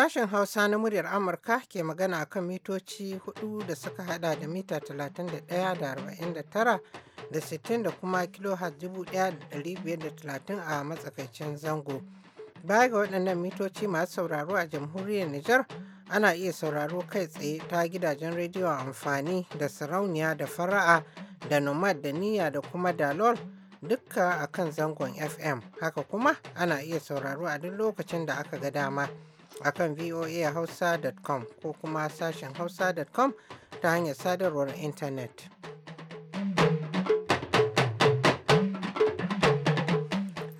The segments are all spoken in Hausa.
Sashen Hausa na muryar Amurka ke magana a kan mitoci hudu da suka hada da mita 31 da 49 da 60 da kuma kilohertz 1530 a matsakaicin zango. Baya ga waɗannan mitoci masu sauraro a jamhuriyar Nijar ana iya sauraro kai tsaye ta gidajen rediyo amfani da sarauniya da fara'a da nomad da niyya da kuma dalol duka a kan zangon FM. Haka kuma ana iya sauraro a duk lokacin da aka ga dama. akan voahausa.com ko kuma sashen hausa.com ta hanyar sadarwar intanet.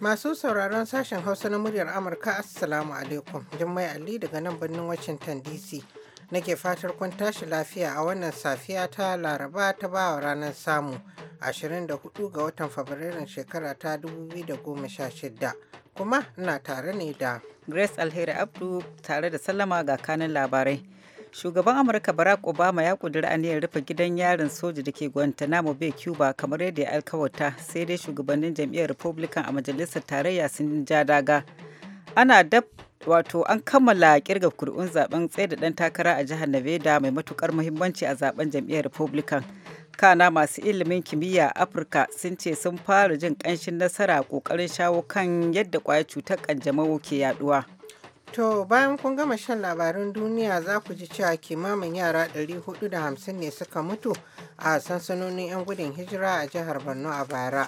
Masu sauraron sashen Hausa na muryar Amurka Assalamu alaikum. Jummai Ali daga nan birnin Washington DC. Nake fatar kun tashi lafiya a wannan safiya ta Laraba ta bawa ranar samu 24 ga watan Fabrairun shekara ta 2016. Kuma ina tare ne da Grace Alheri Abdu tare da sallama ga kanin labarai. Shugaban Amurka Barack Obama ya kudura aniyar rufe gidan yarin soja da ke Guantanamo Bay Cuba kamar yadda ya alkawarta sai dai shugabannin jam'iyyar Republican a majalisar tarayya sun ja daga. Ana dab wato an kammala kirga kuri'un zaben tsaye da dan takara a jihar nevada mai matukar muhimmanci a zaben jam'iyyar republican kana masu ilimin kimiyya a afirka sun ce sun fara jin kanshin nasara ƙoƙarin shawo kan yadda kwaya cutar kanjamau ke yaduwa To bayan kun gama shan labarin duniya za ku ji cewa kimamin yara 450 ne suka mutu a sansanonin 'yan gudun hijira a jihar Borno a bara.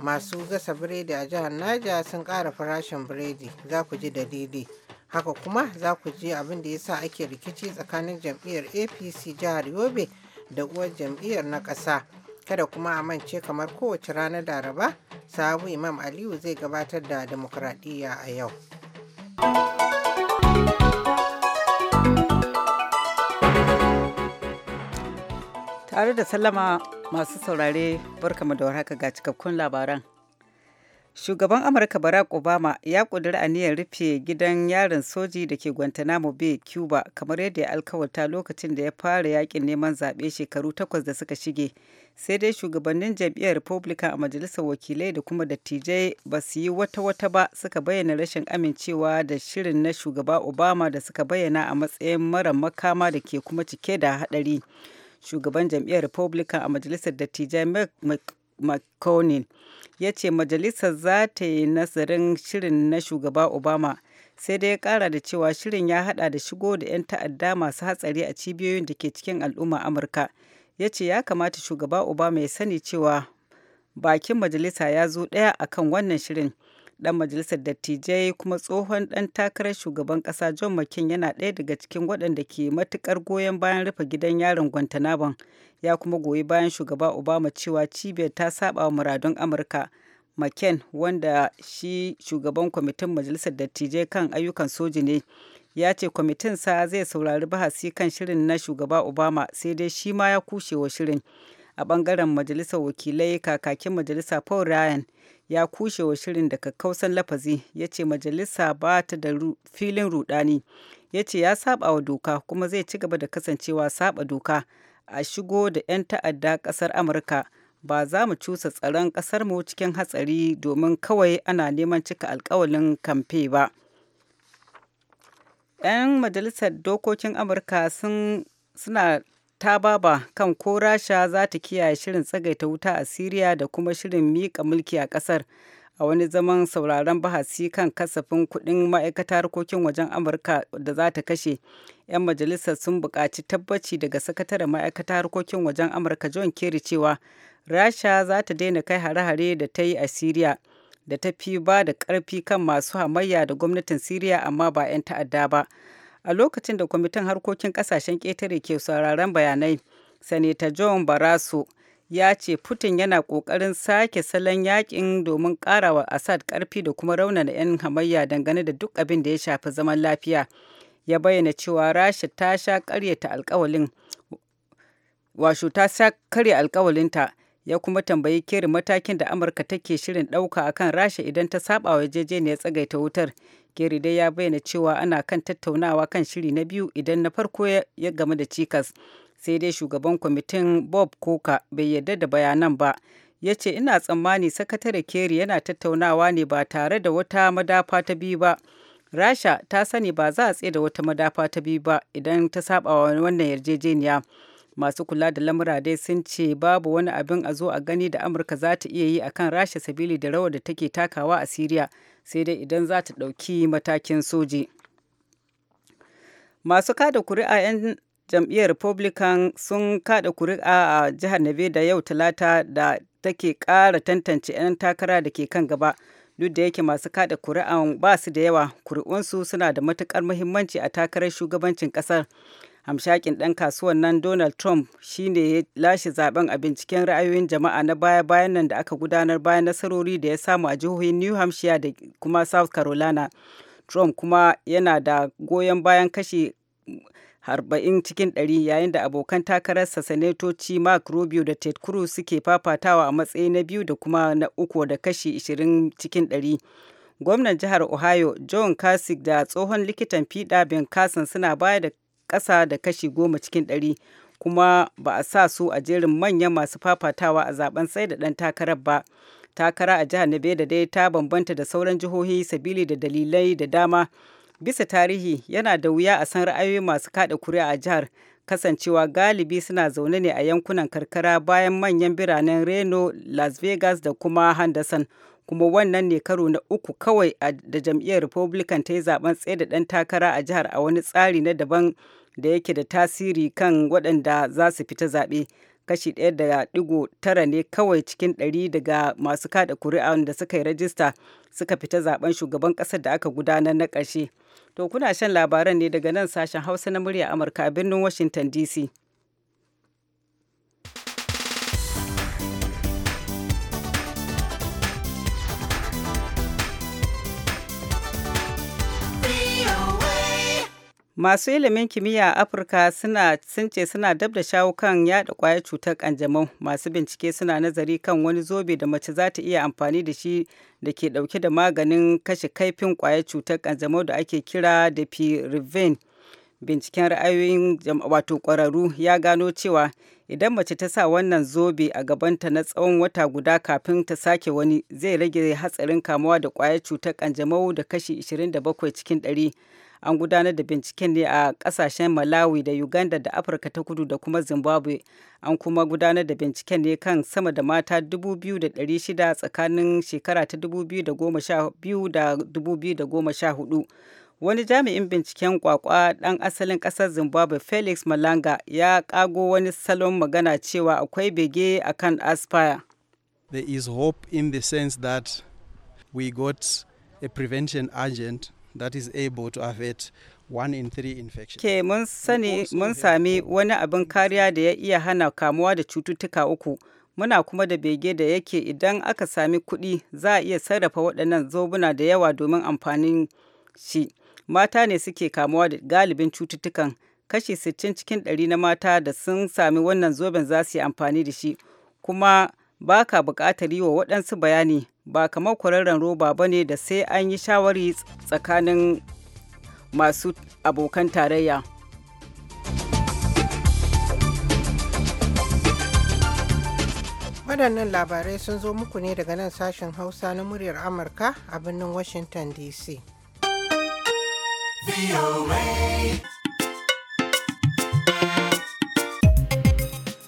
Masu gasa biredi a jihar Naja sun ƙara farashin biredi za ku ji dalili. Haka kuma za ku ji abin da ya sa ake rikici tsakanin jam'iyyar APC jihar Yobe da uwar jam'iyyar na ƙasa. Kada kuma a mance kamar kowace ranar Laraba, Sabu Imam Aliyu zai gabatar da demokradiyya a yau. tare da sallama masu saurare barkamu da warhaka ga cikakkun labaran shugaban amurka barack obama ya kudura aniyar rufe gidan yarin soji da ke guantanamo bay cuba kamar yadda ya alkawarta lokacin da ya fara yaƙin neman zaɓe shekaru takwas da suka shige sai dai shugabannin jam'iyyar republican a majalisar wakilai da kuma dattijai ba su yi wata-wata ba suka bayyana rashin amincewa da shirin na shugaba obama da suka bayyana a matsayin mara makama da ke kuma cike da hadari shugaban jam'iyyar republican a majalisar dattijai mcconnell ya ce majalisar za ta yi nazarin shirin na shugaba obama sai dai ya kara da cewa shirin ya hada da shigo da 'yan ta'adda masu hatsari a cibiyoyin da ke cikin al'umma amurka ya ce ya kamata shugaba obama ya sani cewa bakin majalisa ya zo ɗaya akan wannan shirin dan majalisar dattijai kuma tsohon dan takarar shugaban kasa john mccain yana ɗaya daga cikin waɗanda ke matukar goyon bayan rufe gidan yaron guantanamo ya kuma goyi bayan shugaba obama cewa cibiyar ta saba wa muradun amurka mccain wanda shi shugaban kwamitin majalisar dattijai kan ayyukan soji ne ya ce kwamitin sa zai saurari bahasi kan shirin na shugaba obama sai dai shi ma ya kushewa shirin a bangaren majalisar wakilai kakakin majalisa paul ryan ya kushewa shirin daga kausan lafazi ya ce majalisa ba ta da filin rudani ya ce ya saba wa doka kuma zai ci gaba da kasancewa saba doka a shigo da 'yan ta'adda kasar amurka ba za mu cusa tsaron kasar mu cikin hatsari domin kawai ana neman cika alkawalin kamfe ba 'yan majalisar dokokin amurka sun suna tababa kan ko rasha za ta kiyaye shirin tsagaita wuta a siriya da kuma shirin miƙa mulki a ƙasar a wani zaman sauraron bahasi kan kasafin kuɗin ma'aikata harkokin wajen amurka da za ta kashe 'yan majalisar sun buƙaci tabbaci daga sakataren ma'aikata harkokin wajen amurka john kerry cewa rasha za ta daina kai hare-hare da ta yi a siriya da ta fi ba da ƙarfi kan masu hamayya da gwamnatin Siriya amma ba 'yan ta'adda ba. A lokacin da kwamitin harkokin ƙasashen ƙetare ke sauraron bayanai, Sanita John Baraso ya ce Putin yana ƙoƙarin sake salon yakin domin ƙarawa Assad ƙarfi da kuma raunana 'yan hamayya dangane da duk abin da ya shafi zaman lafiya. Ya bayyana cewa Rasha ta sha ƙaryata alƙawalin ta karya alkawalinta ya kuma tambayi keri matakin da amurka take shirin ɗauka akan rasha idan ta saba wa yarjejeniyar tsagaita wutar keri dai ya bayyana cewa ana kan tattaunawa kan shiri na biyu idan na farko ya game da cikas sai dai shugaban kwamitin bob koka bai yarda da bayanan ba ya ce ina tsammani sakatare keri yana tattaunawa ne ba tare da wata madafa ta biyu ba rasha ta sani ba za a tsaye da wata madafa ta biyu ba idan ta saba wa wannan yarjejeniya masu kula da lamura dai sun ce babu wani abin a zo a gani da amurka za ta iya yi a kan rasha sabili da rawar da take takawa a siriya sai dai idan za ta ɗauki matakin soji masu kada kuri'a 'yan jam'iyyar republican sun kada kuri'a a jihar nevada yau talata da take kara tantance 'yan takara da ke kan gaba duk da yake masu kada kuri'a ba su da yawa kuri'unsu suna da matukar muhimmanci a takarar shugabancin kasar hamshakin ɗan kasuwan nan donald trump shine ya lashe zaben a binciken ra'ayoyin jama'a na baya-bayan nan da aka gudanar bayan nasarori da ya samu a jihohin new hampshire da kuma south carolina trump kuma yana da goyon bayan kashi 40 cikin 100 yayin da abokan takararsa sanatoci mark rubio da ted cruz suke fafatawa a matsayi na biyu da kuma na uku da kashi 20 cikin 100 gwamnan jihar ohio john kasich da tsohon likitan fiɗa ben carson suna baya da kasa da kashi goma cikin ɗari kuma ba a sa su a jerin manyan masu fafatawa a zaben sai da ɗan takarar ba takara a jihar da dai ta bambanta da sauran jihohi sabili da dalilai da dama bisa tarihi yana da wuya a san ra'ayoyi masu kada kuri'a a jihar kasancewa galibi suna zaune ne a yankunan karkara bayan manyan biranen reno las vegas da kuma henderson kuma wannan ne karo na uku kawai da jam'iyyar republican ta yi zaben tsaye da ɗan takara a jihar a wani tsari na daban da yake da tasiri kan waɗanda za su fita zaɓe kashi ɗaya da ɗigo tara ne kawai cikin ɗari daga masu kada kuri'a da suka yi rajista suka fita zaben shugaban ƙasar da aka gudanar na ƙarshe to kuna shan labaran ne daga nan sashen hausa na murya amurka a birnin washington dc Masu ilimin kimiyya a Afirka sun ce suna dab da shawo kan yada kwayar cutar kanjamau. Masu bincike suna nazari kan wani zobe da mace za ta iya amfani da shi da ke dauke da maganin kashe kaifin kwayar cutar kanjamau da ake kira da Pirivine. Binciken ra'ayoyin wato kwararru ya gano cewa idan mace ta sa wannan zobe a gabanta na tsawon wata guda kafin ta sake wani zai rage hatsarin kamuwa da kwayar cutar kanjamau da kashi 27 cikin 100 an gudanar da binciken ne a kasashen malawi da uganda da afirka ta kudu da kuma zimbabwe an kuma gudanar da binciken ne kan sama da mata 2,600 tsakanin shekara ta 2012 da 2014 wani jami'in binciken kwakwa ɗan asalin ƙasar zimbabwe felix malanga ya ƙago wani salon magana cewa akwai bege a kan aspire there is hope in the sense that we got a prevention agent that is able to avert one in three infections. ke mun sani mun sami wani abin kariya da ya iya hana kamuwa da cututtuka uku muna kuma da bege da yake idan aka sami kuɗi za a iya sarrafa waɗannan zobuna da yawa domin amfanin shi mata ne suke kamuwa da galibin cututtukan kashi 60 cikin ɗari na mata da sun sami wannan zoben za su yi amfani da shi kuma ba ka buƙatar yi wa waɗansu bayani ba kamar kwararren roba ba ne da sai an yi shawari tsakanin masu abokan tarayya waɗannan labarai sun zo muku ne daga nan sashen hausa na muryar amurka a birnin washington dc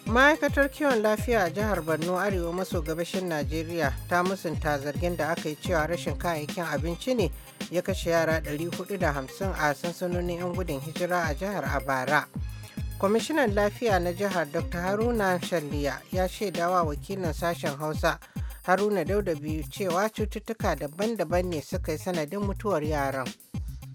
ma'aikatar kiwon lafiya a jihar borno arewa maso gabashin najeriya ta musunta zargin da aka yi cewa rashin kayayyakin abinci ne ya kashe yara 450 a sansanonin 'yan gudun hijira a jihar a bara kwamishinan lafiya na jihar dr haruna shalliya ya shaidawa wakilin sashen hausa haruna dauda biyu cewa cututtuka daban-daban ne suka yi sanadin mutuwar yaran.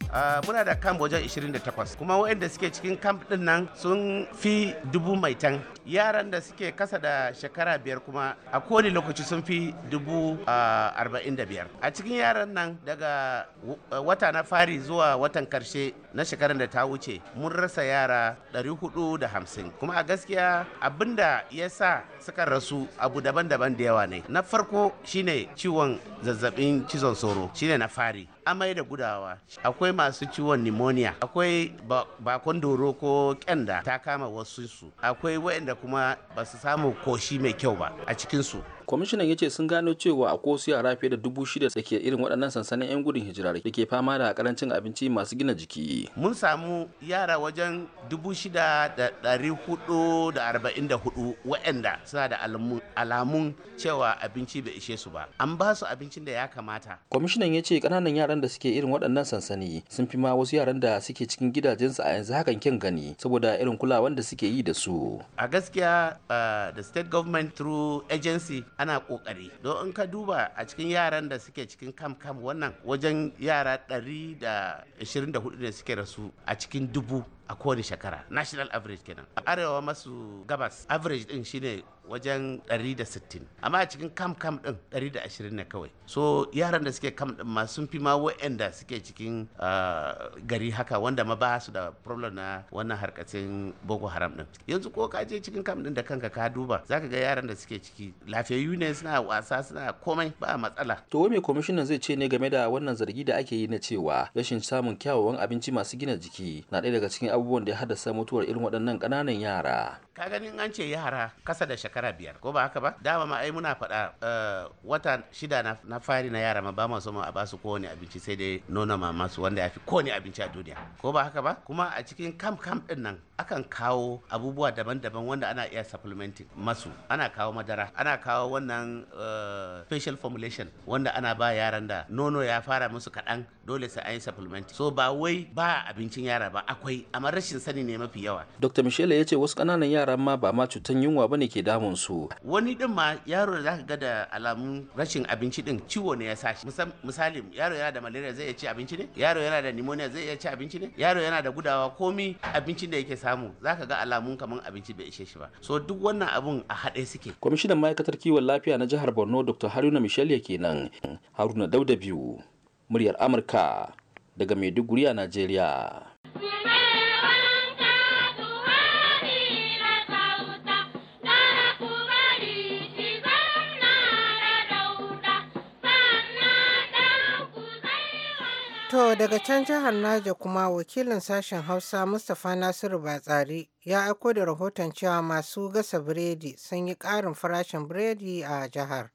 Ah, muna da camp wajen 28 kuma waɗanda suke cikin camp ɗinnan nan sun fi dubu mai tan yaran da suke kasa da shekara biyar kuma a kowane lokaci sun fi dubu ah, arba'in da biyar a cikin yaran nan daga eh, wata na fari zuwa watan karshe na shekarar da ta wuce mun rasa yara hudu da hamsin kuma a gaskiya abinda ya sa suka rasu abu daban-daban da yawa ne na farko shine ciwon zazzabin cizon sauro shine na fari amai da gudawa akwai masu ciwon pneumonia akwai bakon doro ko ƙyanda ta kama wasu su akwai waɗanda kuma ba su samu koshi mai kyau ba a cikinsu kwamishinan ya ce sun gano cewa a kosu yara fiye da dubu shida da ke irin waɗannan sansanin 'yan gudun hijira da ke fama da karancin abinci masu gina jiki mun samu yara wajen dubu shida da ɗari hudu da arba'in da hudu waɗanda suna da alamun cewa abinci bai ishe su ba an ba su abincin da ya kamata kwamishinan ya ce ƙananan yaran da suke irin waɗannan sansani sun fi ma wasu yaran da suke cikin gidajensu a yanzu hakan kyan gani saboda irin kulawan da suke yi da su a gaskiya da eh, state government through agency ana kokari don in ka duba a cikin yaran da suke cikin kam kam wannan wajen yara 124 ne suke rasu a cikin dubu a kowane shekara national average kenan a arewa masu gabas average din shine wajen 160 amma a cikin kam kam din 120 ne kawai so yaran da suke kam din ma sun fi ma wa'anda suke cikin ah, gari haka wanda ma ba su da problem na wannan harkacin boko haram din yanzu ko ka je cikin kam din da kanka ka duba zaka ga yaran da suke ciki lafiyayyu ne suna wasa suna komai ba matsala to wai me kwamishinan zai ce ne game da wannan zargi da ake yi na cewa rashin samun kyawawan abinci masu gina jiki na ɗaya daga cikin abubuwan da ya haddasa mutuwar irin waɗannan ƙananan yara ka ganin an ce yara kasa da shekara biyar ko ba haka ba dama ma ai muna faɗa eh, wata shida na, fari na yara ma ba ma so ma a ba su kowane abinci sai dai nono mama su wanda ya fi kowane abinci a duniya ko ba haka ba kuma a cikin kam kam din nan akan kawo abubuwa daban-daban wanda ana iya supplementing masu ana kawo madara ana kawo wannan special eh, formulation wanda ana ba yaran da nono ya fara musu kaɗan dole sai an yi supplement so ba wai ba abincin yara ba akwai amma rashin sani ne mafi yawa dr michelle ya ce wasu ƙananan yara yaran ma ba ma cutan yunwa ba ne ke damun su wani din ma yaro da zaka ga da alamun rashin abinci din ciwo ne ya sashi misali yaro yana da malaria zai iya ci abinci ne yaro yana da pneumonia zai iya ci abinci ne yaro yana da gudawa komi abincin da yake samu zaka ga alamun kaman abinci bai ishe shi ba so duk wannan abun a haɗe suke kwamishinan ma'aikatar kiwon lafiya na jihar borno dr haruna michelle kenan haruna dauda biyu muryar amurka daga maiduguri a najeriya To daga can jihar Naja kuma wakilin sashen Hausa Mustapha Nasiru Batsari ya aiko da rahoton cewa masu gasa biredi sun yi ƙarin farashin biredi a jihar.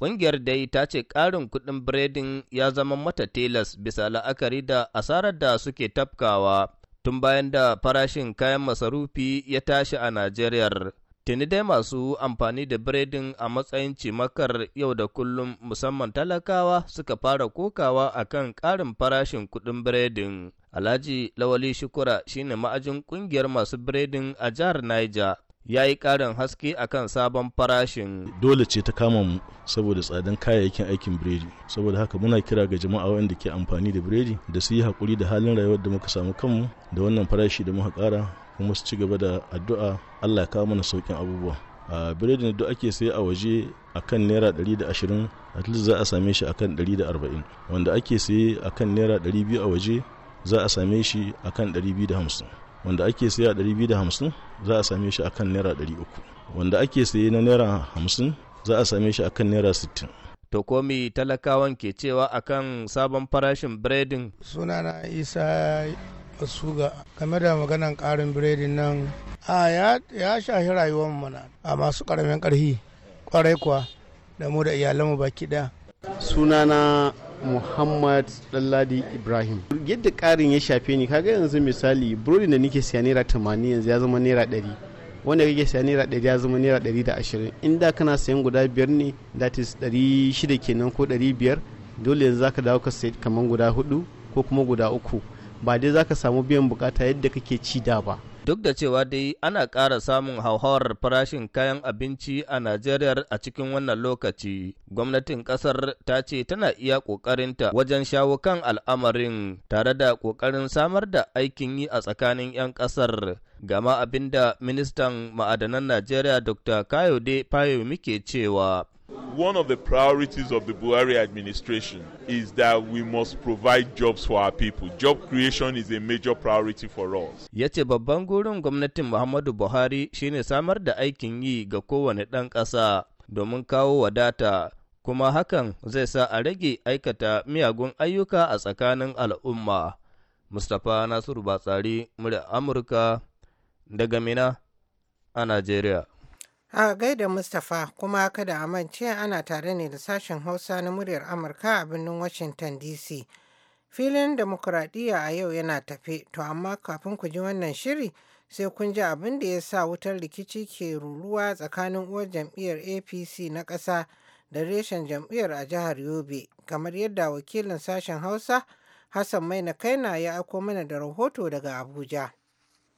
Ƙungiyar dai ta ce ƙarin kuɗin biredin ya zama mata telas bisa la'akari da asarar da suke tafkawa tun bayan da farashin kayan masarufi ya tashi a Najeriya. Tuni dai masu amfani da biredin a matsayin cimakar yau da kullum musamman talakawa suka fara kokawa a kan ƙarin farashin kuɗin biredin. Alhaji Lawali Shukura shine ma'ajin ƙungiyar masu biredin a jihar Niger. ya yi ƙarin haske a kan sabon farashin. Dole ce ta kama mu saboda tsadan kayayyakin aikin biredi. Saboda haka muna kira ga jama'a wanda ke amfani da biredi da su yi haƙuri da halin rayuwar da muka samu kanmu da wannan farashi da muka ƙara kuma su ci gaba da addu'a allah ya kawo mana saukin abubuwa a biredin da ake sai a waje a kan naira 120 at least za a same shi a kan 140 wanda ake saye a kan naira 200 a waje za a same shi a kan 250 wanda ake saye a 250 za a same shi a kan naira 300 wanda ake saye na naira 50 za a same shi a kan naira 60 to komi talakawan ke cewa akan sabon farashin biredin sunana isa suga game da maganan karin biredi nan a ya shahi rayuwar mana a masu karamin karhi kwarai kuwa da mu da iyalanmu baki daya sunana muhammad danladi ibrahim yadda karin ya shafe ni kaga yanzu misali burodin da nike siya naira tamanin yanzu ya zama naira ɗari wanda kake siya naira ɗari ya zama naira ɗari da ashirin inda kana sayan guda biyar ne that is ɗari shida kenan ko ɗari biyar dole yanzu zaka dawo ka sayi kamar guda hudu ko kuma guda uku ba dai zaka samu biyan bukata yadda kake ci da ba duk da cewa dai ana ƙara samun hauhawar farashin kayan abinci a najeriya a cikin wannan lokaci gwamnatin ƙasar ta ce tana iya ƙoƙarinta wajen shawo kan al'amarin tare da ƙoƙarin samar da aikin yi a tsakanin 'yan ƙasar gama abinda ministan ma'adanan najeriya dr kayode Payo muke cewa One of the priorities of the Buhari administration is that we must provide jobs for our people. Job creation is a major priority for us. Ya ce babban gurin gwamnatin Muhammadu Buhari shine samar da aikin yi ga kowane ɗan ƙasa domin kawo wadata, kuma hakan zai sa a rage aikata miyagun ayyuka a tsakanin al'umma. Mustapha Nasiru Batsari, murya Amurka, daga Mina a Najeriya. A gaida Mustapha kuma kada a mance ana tare ne da sashen Hausa na muryar Amurka a birnin Washington DC. Filin demokuraɗiyya a yau yana tafe, to amma kafin ku ji wannan shiri sai kun ji abin da ya sa wutar rikici ke ruruwa tsakanin uwar jam'iyyar APC na ƙasa da reshen jam'iyyar a jihar Yobe, kamar yadda wakilin sashen Hausa Hassan Maina Kaina ya aiko mana da rahoto daga Abuja.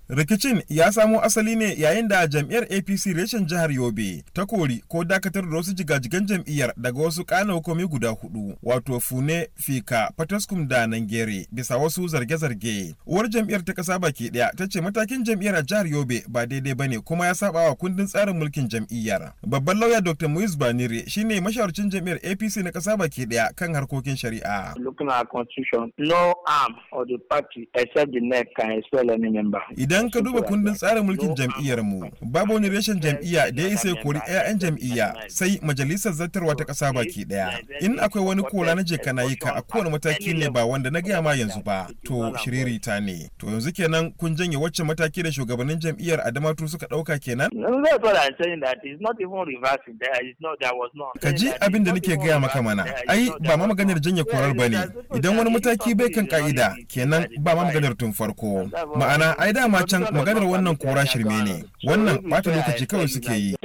Rikicin ya samo asali ne yayin da jam'iyyar APC reshen jihar Yobe ta kori ko dakatar da wasu jigajigan jam'iyyar daga wasu kana hukumi guda hudu wato Fune, Fika, Fataskum da Nangere bisa wasu zarge-zarge. Uwar jam'iyyar ta kasa baki daya ta ce matakin jam'iyyar a jihar Yobe ba daidai ba ne kuma ya saba wa kundin tsarin mulkin jam'iyyar. Babban lauya Dr. Muiz Banire shine mashawarcin jam'iyyar APC na kasa baki daya kan harkokin shari'a. Looking at constitution, no arm of the party except the neck can expel any member. idan ka duba kundin tsarin mulkin jam'iyyar mu babu wani reshen jam'iyya da ya isa kori 'ya'yan jam'iyya sai majalisar zartarwa ta ƙasa baki daya in akwai wani kora na jeka na yi ka a kowane mataki ne ba wanda na gaya ma yanzu ba to shiririta ne to yanzu kenan kun janye wacce mataki da shugabannin jam'iyyar adamatu suka dauka kenan. ka ji abin da nake gaya maka mana ai ba ma maganar janye korar ba ne idan wani mataki bai kan ka'ida kenan ba ma maganar tun farko ma'ana ai dama can maganar wannan kora shirme ne wannan bata lokaci kawai suke yi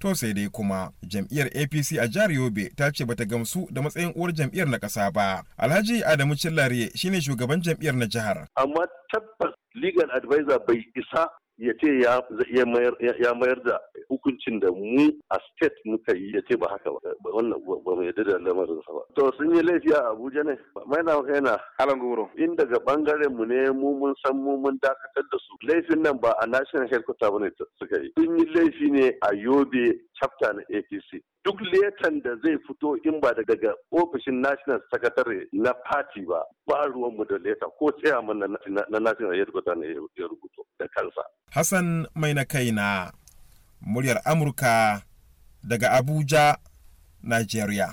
to sai dai kuma jam'iyyar apc a jihar yobe ta ce bata gamsu da matsayin uwar jam'iyyar na ƙasa ba alhaji adamu cillare shine shugaban jam'iyyar na jihar amma tabbas legal advisor bai isa ya ce ya mayar da hukuncin da mu a state muka yi ya ce ba haka ba wannan ba mai yadda da lamarin sa ba to sun yi laifi a Abuja ne mai na kaina halan in daga bangaren mu ne mu mun san mu mun dakatar da su laifin nan ba a national headquarter bane suka yi sun yi laifi ne a Yobe chapter na APC duk letan da zai fito in ba daga ofishin national secretary na party ba ba ruwanmu da leta ko tsaya na national headquarter na ya rubuto da kansa. Hassan mai na kaina muryar Amurka daga Abuja, Nigeria.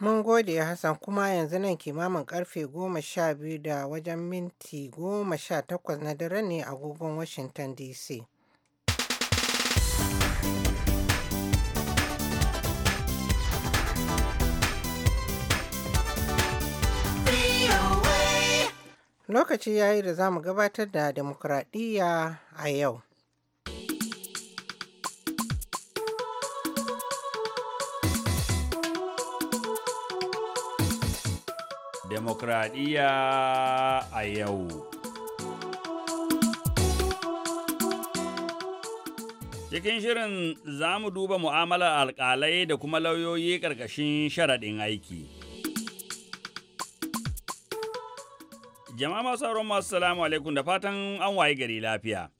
Mun gode Hassan kuma yanzu nan kimamin karfe goma sha biyu da wajen minti goma sha takwas na dare ne a agogon Washington DC. Lokaci ya yi da za mu gabatar da demokuraɗiyya a yau. Demokradiyya a yau. Cikin shirin za mu duba mu'amalar alƙalai da kuma lauyoyi ƙarƙashin sharaɗin aiki. Jama'a masu sauro masu salamu alaikum da fatan an waye gari lafiya.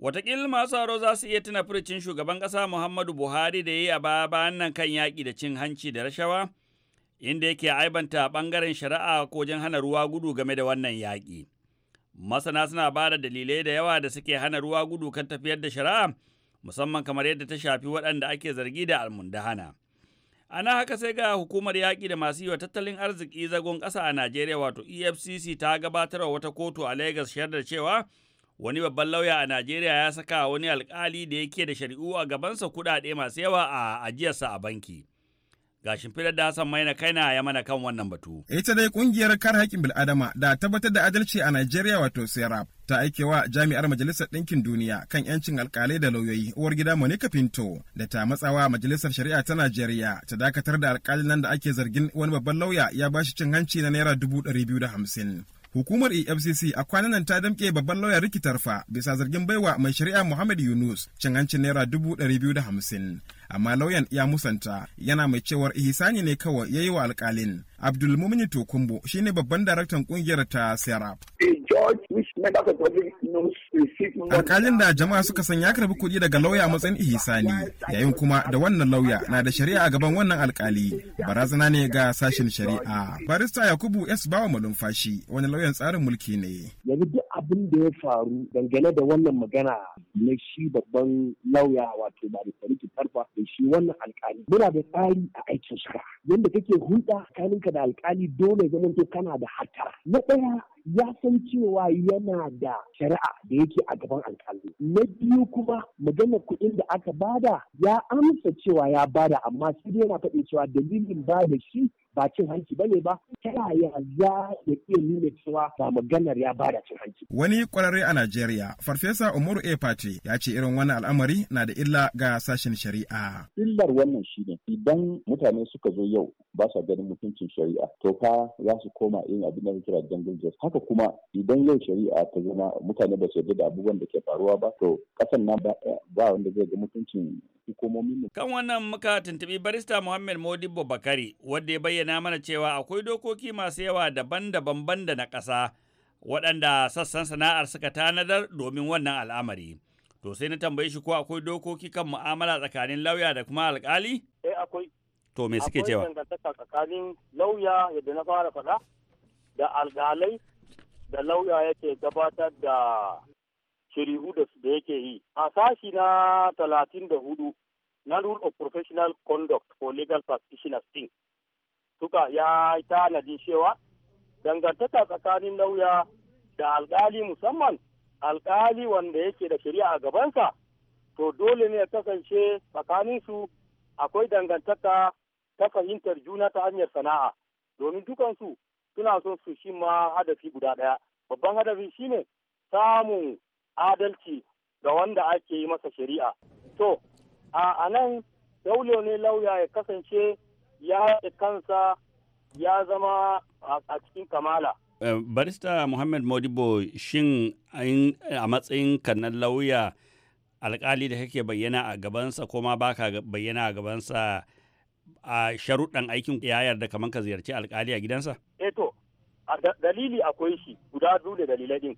Wataƙil masu sauro za su iya tuna furcin shugaban ƙasa Muhammadu Buhari da ya yi a baya nan kan yaƙi da cin hanci da rashawa, inda yake aibanta ɓangaren shari'a ko wajen hana ruwa gudu game da wannan yaƙi. Masana suna ba da dalilai da yawa da suke hana ruwa gudu kan tafiyar da shari'a, musamman kamar yadda ta shafi waɗanda ake zargi da almundahana. hana. Ana haka sai ga hukumar yaƙi da masu yi wa tattalin arziki zagon ƙasa a Najeriya wato EFCC ta gabatar wa wata kotu a Lagos shaidar cewa wani babban lauya a Najeriya ya saka wani alƙali da yake da shari'u a gabansa kuɗaɗe masu yawa a ajiyarsa a banki. Ga shimfidar da Hassan Maina Kaina ya mana kan wannan batu. Ita dai kungiyar kar haƙƙin bil'adama da tabbatar da adalci a Najeriya wato Serap ta aike wa jami'ar Majalisar Ɗinkin Duniya kan 'yancin alƙalai da lauyoyi uwar gida Monica Pinto da ta matsawa Majalisar Shari'a ta Najeriya ta dakatar da alƙalin nan da ake zargin wani babban lauya ya ba shi cin hanci na naira dubu ɗari biyu da hamsin. Hukumar EFCC a kwanan nan ta damƙe babban lauyar rikitarfa bisa zargin baiwa mai shari'a Muhammad Yunus cin hancin naira dubu ɗari biyu da hamsin. amma lauyan ya musanta yana mai cewar ihisani ne kawai ya yi wa alkalin abdulmumini tokumbo ne babban daraktan kungiyar ta serap alkalin da jama'a suka san ya karbi kuɗi daga lauya a matsayin ihisani yayin kuma da wannan lauya na da shari'a a gaban wannan alkali barazana ne ga sashen shari'a barista yakubu s bawa malumfashi wani lauyan tsarin mulki ne abin da ya faru dangane da wannan magana na shi babban lauya wato ba da sarki tarfa da shi wannan alkali muna da tsari a aikin shara yadda kake hulɗa tsakaninka da alkali dole zamanto kana da hatara na ɗaya ya san cewa yana da shari'a da yake a gaban alkali na biyu kuma maganar kuɗin da aka bada ya amsa cewa ya bada amma sai yana faɗi cewa dalilin bada shi ba cin hanci ba ne ba ta yaya za ya iya nuna cewa ba maganar ya bada cin hanci. Wani kwararre a Najeriya, Farfesa Umaru Efate ya ce irin wani al'amari na da illa ga sashen shari'a. Illar wannan shi ne idan mutane suka zo yau ba sa ganin mutuncin shari'a to ka za su koma irin abin da kira jungle haka kuma idan yau shari'a ta zama mutane ba su yarda da abubuwan da ke faruwa ba to kasan nan ba wanda zai ga mutuncin hukumomin Kan wannan muka tuntubi barista Muhammad Modibo Bakari wanda ya bayyana mana cewa akwai dokoki masu yawa daban-daban banda na ƙasa waɗanda sassan sana'ar suka tanadar domin wannan al'amari. To sai na tambaye shi ko akwai dokoki kan mu'amala tsakanin lauya da kuma alƙali? Eh akwai. To me suke cewa? Akwai dangantaka tsakanin lauya yadda na fara faɗa da alƙalai da lauya yake gabatar da shari'u da su da yake yi a sashi na talatin da hudu na rule of professional conduct for legal practitioners din suka ya tanadi cewa dangantaka tsakanin lauya da alkali musamman alkali wanda yake da shari'a a gabansa to dole ne ya kasance su akwai dangantaka ta fahimtar juna ta hanyar sana'a domin dukansu suna son su shi ma hadafi guda ɗaya babban hadafi shine samun adalci ga wanda ake yi masa shari'a to a nan daule ne lauya ya kasance ya haɗe kansa ya zama a cikin kamala eh, barista muhammad modibo shin a matsayin kanan lauya alkali da kake bayyana a gabansa ko ma baka bayyana a gabansa a sharuɗan aikin yayar da kamar ka ziyarci alkali a gidansa? Eto, eh dalili akwai shi guda biyu da dalilai din.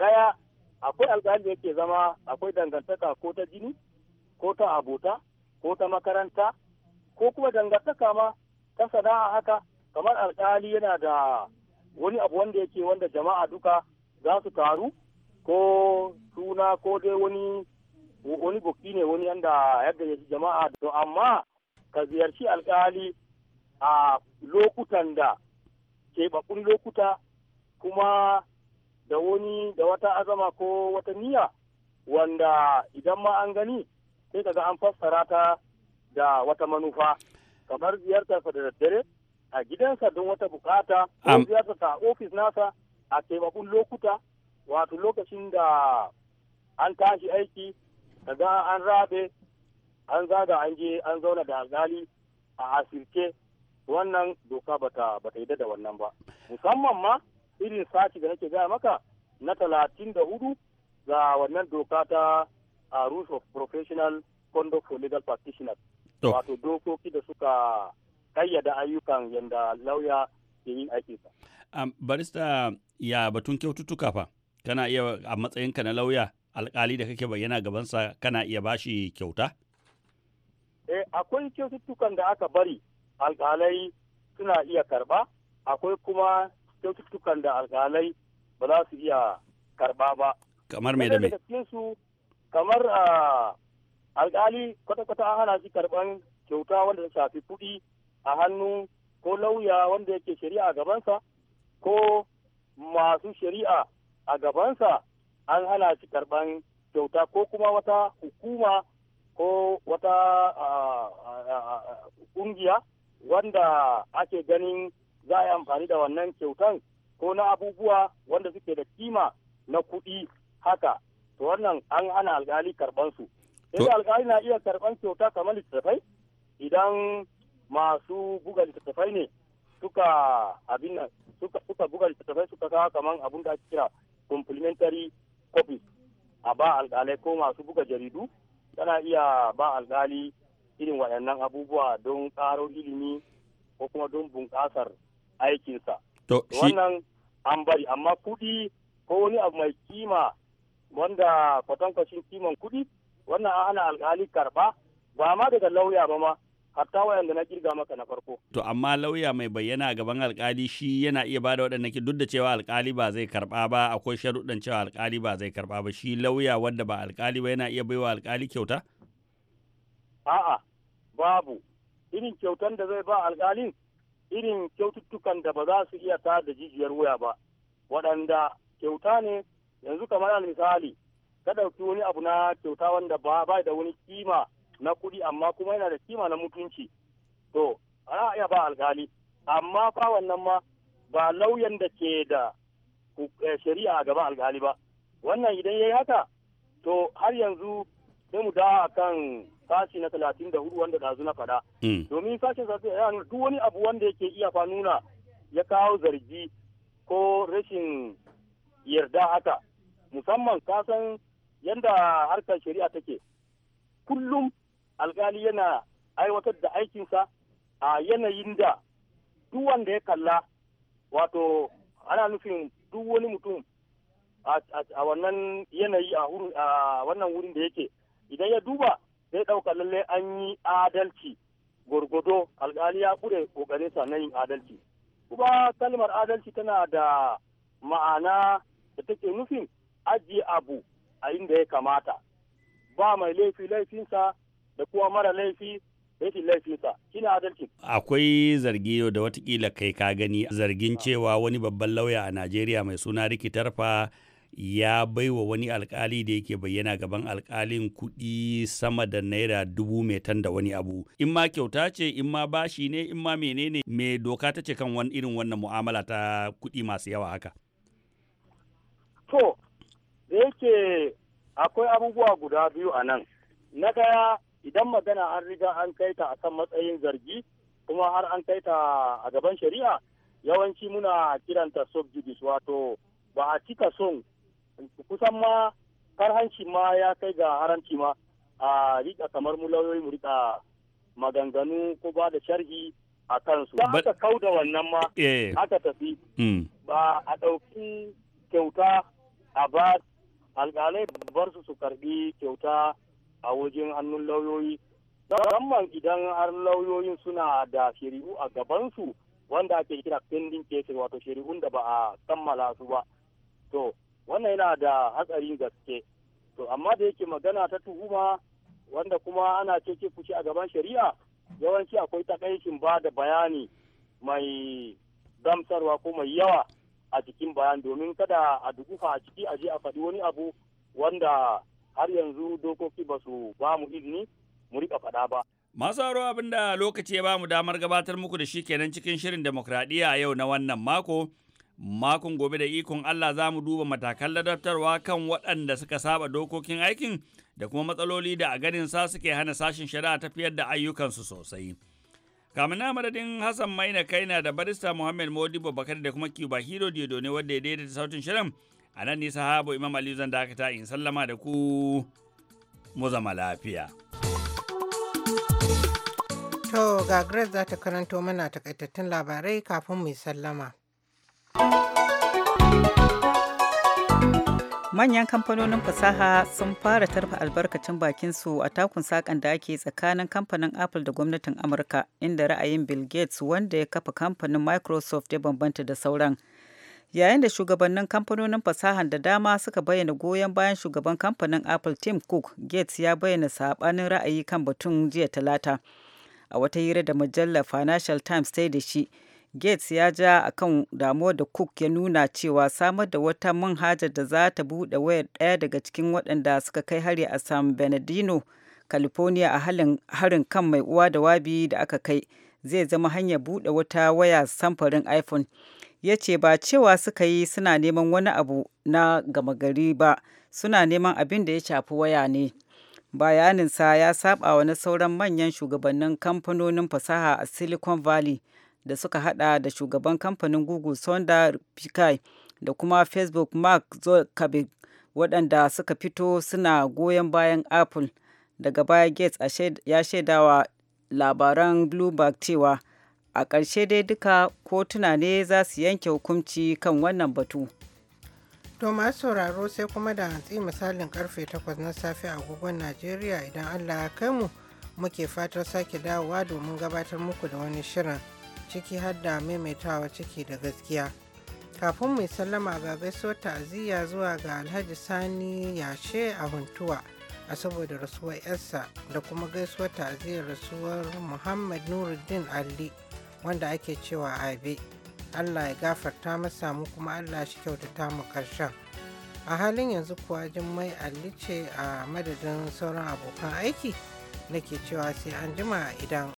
ɗaya. akwai alƙalin da yake zama akwai dangantaka ko ta jini ko ta abota ko ta makaranta ko kuma dangantaka ma ta sana'a haka kamar alƙali yana da wani abu wanda yake wanda jama'a duka za su taru ko suna ko dai wani wani buki ne wani yanda yadda ya jama'a to amma ka ziyarci alƙali a lokutan da keɓaɓɓun lokuta kuma da wani da wata azama ko wata niyya wanda idan ma an gani sai kaga an fassara ta da wata manufa kamar ziyartar sa da daddare a gidansa don wata bukata ko ziyartarsa a ofis nasa a taimakon lokuta wato lokacin da an tashi aiki kaga an rabe an zaga an je an zauna da alkali a asirke wannan doka bata bata yi da wannan ba musamman ma irin sati da nake gaya maka na talatin da hudu ga wannan doka ta a rules of professional conduct for legal practitioners wato dokoki da suka kayyada ayyukan yadda lauya ke yin aikinsa. Um, barista ya batun kyaututtuka fa kana iya a matsayinka na lauya alkali da kake bayyana gabansa kana iya bashi kyauta? Eh, akwai kyaututtukan da aka bari alkalai suna iya karba akwai kuma kyaututtukan da alkalai ba za su iya karba ba kamar me da me kamar alkali kwata-kwata an hana shi karban kyauta wanda ta shafi kuɗi a hannu ko lauya wanda yake shari'a a gabansa ko masu shari'a a gabansa an hana shi karban kyauta ko kuma wata hukuma ko wata ƙungiya wanda ake ganin za a yi amfani da wannan kyautan ko na abubuwa wanda suke da kima na kuɗi haka to wannan an ana alkali karban su sai alkali na iya karɓan kyauta kamar littattafai idan masu buga littattafai ne suka abin nan suka buga littattafai suka kawo kamar abun da ake kira complimentary copies a ba alkalai ko masu buga jaridu tana iya ba alkali irin waɗannan abubuwa don ƙaro ilimi ko kuma don bunƙasar aikinsa. to shi Wannan an bari amma kuɗi ko wani abu mai kima wanda kwatankwacin kiman kuɗi wannan ana alkali karɓa ba ma daga lauya ba ma hatta wayanda na kirga maka na farko. To amma lauya mai bayyana a gaban alkali shi yana iya ba da bada waɗannan duk da cewa alkali ba zai karɓa ba akwai sharuɗan cewa alkali ba zai karɓa ba shi lauya wanda ba alkali ba yana iya baiwa alkali kyauta? A'a babu irin kyautan da zai ba alkalin irin kyaututtukan da ba za su iya ta da jijiyar wuya ba waɗanda kyauta ne yanzu kamar al misali ka ɗauki wani abu na kyauta wanda ba ba da wani kima na kuɗi amma kuma yana da kima na mutunci to ana iya ba alkali amma fa wannan ma ba lauyan da ke da eh, shari'a a gaba alkali ba wannan idan ya yi haka to har yanzu sai mu dawo akan sashi na talatin da hudu wanda ɗazu na faɗa. Mm. Domin sashen sashe ya nuna duk wani abu wanda yake iya fa nuna ya kawo zargi ko rashin yarda haka musamman kasan yadda harkar shari'a take kullum alkali yana aiwatar da aikinsa a yanayin da duk wanda ya kalla wato ana nufin duk wani mutum a wannan yanayi a wannan wurin da yake idan ya duba sai ɗauka lallai an yi adalci gurgudo alkali ya ƙure ƙoƙarin sa na yin adalci kuma kalmar adalci tana da ma'ana da take nufin ajiye abu a inda ya kamata ba mai laifi laifinsa da kuma mara laifi yake laifinsa shi ne adalci. Akwai zargi yau da watakila kai ka gani zargin cewa wani babban lauya a Najeriya mai suna rikitarfa Tarfa ya baiwa wani alkali da yake bayyana gaban alkalin kuɗi sama da naira dubu mai tan da wani abu in ma kyauta ce in ma bashi ne in ma menene me doka ta ce kan wani irin wannan mu'amala ta kuɗi masu yawa haka to da yake akwai abubuwa guda biyu a nan na daya idan magana an riga an kai ta a kan matsayin zargi kuma har an kai ta a gaban shari'a yawanci muna kiranta wato ba a cika son kusan ma hanci ma ya kai ga haramci ma a rika kamar mu lauyoyi mu rika maganganu ko ba da sharhi a kansu ba aka da wannan ma eh. aka tafi hmm. ba a ɗauki kyauta a ba alƙalai bar su su karbi kyauta a wajen hannun lauyoyi musamman idan har lauyoyin suna da shari'u a gabansu wanda ake kira pending cases wato shari'un da ba a kammala su ba to wannan yana da hatsarin gaske to amma da yake magana ta tuhuma wanda kuma ana ce fushi a gaban shari'a yawanci akwai takaicin ba da bayani mai gamsarwa ko mai yawa a cikin bayan domin kada a dukufa a ciki a aje a faɗi wani abu wanda har yanzu dokoki ba su ba mu izini mu riƙa faɗa ba. Masu haro abin da lokaci ya ba mu damar gabatar muku da shi kenan cikin shirin demokradiyya yau na wannan mako. Makon gobe da ikon Allah za mu duba matakan ladabtarwa kan waɗanda suka saba dokokin aikin da kuma matsaloli da a ganin sa suke hana sashen shari'a tafiyar da ayyukansu sosai. kamin na madadin Hassan Maina Kaina da barista Muhammad Modibo Bakari da kuma Cuba Hero Diodo ne wanda ya daidaita sautin shirin a nan ne sahabo Imam Ali zan dakata in sallama da ku mu zama lafiya. To ga Grace za ta karanto mana takaitattun labarai kafin mu sallama. manyan kamfanonin fasaha sun fara tarfa albarkacin bakinsu a takun sakan da ake tsakanin kamfanin apple da gwamnatin amurka inda ra'ayin bill gates wanda ya kafa kamfanin microsoft ya bambanta da sauran yayin da shugabannin kamfanonin fasahan da dama suka bayyana goyon bayan shugaban kamfanin apple tim cook gates ya bayyana saɓanin ra'ayi kan batun jiya talata a wata hira da mujallar financial times ta da shi Gates ya ja a kan damuwar da Cook ya nuna cewa samar da wata manhajar da za ta buɗe waya ɗaya daga cikin waɗanda suka kai hari a San Bernardino, California a harin kan mai uwa da wabi da aka kai zai zama hanyar buɗe wata waya samfarin iPhone. Ya ce ba cewa suka yi suna neman wani abu na gama gari ba, suna neman abin da ya shafi waya ne. Bayaninsa ya saba wa na sauran manyan shugabannin kamfanonin fasaha a Silicon Valley. da suka hada da shugaban kamfanin google sonda pichai da kuma facebook mark zuckerberg waɗanda suka fito suna goyon bayan apple daga baya gates ya shaidawa labaran bloomberg cewa a ƙarshe dai duka kotuna ne za su yanke hukunci kan wannan batu to masu sauraro sai kuma da hantsi misalin karfe 8 na safe a agogon najeriya idan allah ya kai mu muke fatar sake dawowa domin gabatar muku da wani shirin ciki har da maimaitawa ciki da gaskiya kafin mai sallama ga gaisuwar ta'aziyya zuwa ga alhaji sani yashe a huntuwa a saboda rasuwar yarsa da kuma gaisuwar ta'aziyyar rasuwar muhammad nuruddin ali wanda ake cewa abe allah ya gafarta masa mu kuma allah shi kyautata mu karshen a halin yanzu kuwa jummai ali ce a madadin sauran abokan aiki nake cewa sai an jima idan